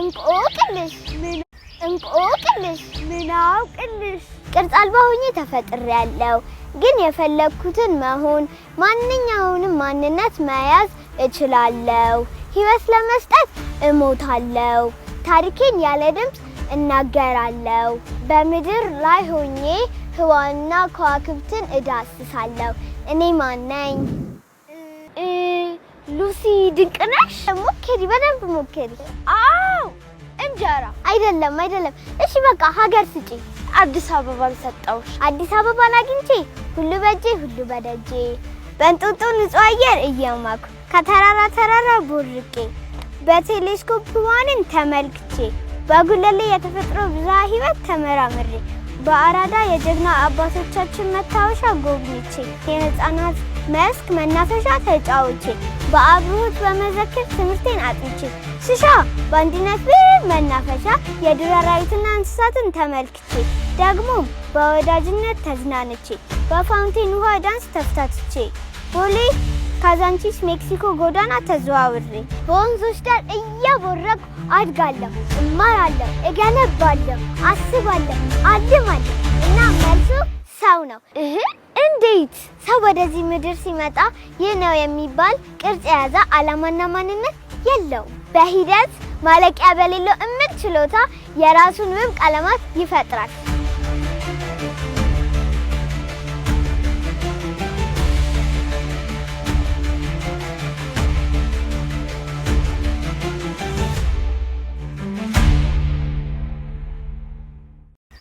እንቆቅልሽ እንቆቅልሽ ምን አውቅልሽ ቅርጽ አልባ ሆኜ ተፈጥሬያለሁ፣ ግን የፈለግኩትን መሆን ማንኛውንም ማንነት መያዝ እችላለሁ። ሕይወት ለመስጠት እሞታለሁ። ታሪኬን ያለ ድምፅ እናገራለሁ። በምድር ላይ ሆኜ ህዋና ከዋክብትን እዳስሳለሁ። እኔ ማነኝ? ሉሲ ድንቅነሽ ሞክሪ፣ በደንብ ሞክሪ። አዎ እንጀራ አይደለም አይደለም። እሺ በቃ ሀገር ስጪ። አዲስ አበባን ሰጠውሽ። አዲስ አበባን አግኝቼ ሁሉ በጄ ሁሉ በደጄ በእንጦጦ ንጹህ አየር እየማኩ ከተራራ ተራራ ቦርቄ በቴሌስኮፕ ዋንን ተመልክቼ በጉለሌ የተፈጥሮ ብዝሃ ህይወት ተመራምሬ በአራዳ የጀግና አባቶቻችን መታወሻ ጎብኝቼ የህፃናት መስክ መናፈሻ ተጫውቼ በአብርሆት በመዘክር ትምህርቴን አጥንቼ ስሻ በአንድነት ብሔብ መናፈሻ የዱር አራዊትና እንስሳትን ተመልክቼ ደግሞ በወዳጅነት ተዝናንቼ በፋውንቴን ውሃ ዳንስ ተፍታትቼ ቦሌ ካዛንቺስ ሜክሲኮ ጎዳና ተዘዋውሬ በወንዞች ዳር እያቦረቅ አድጋለሁ፣ እማራለሁ፣ እገነባለሁ፣ አስባለሁ፣ አልማለሁ እና መልሱ ሰው ነው። እህ እንዴት ሰው ወደዚህ ምድር ሲመጣ ይህ ነው የሚባል ቅርጽ የያዘ ዓላማና ማንነት የለው በሂደት ማለቂያ በሌለው እምቅ ችሎታ የራሱን ውብ ቀለማት ይፈጥራል።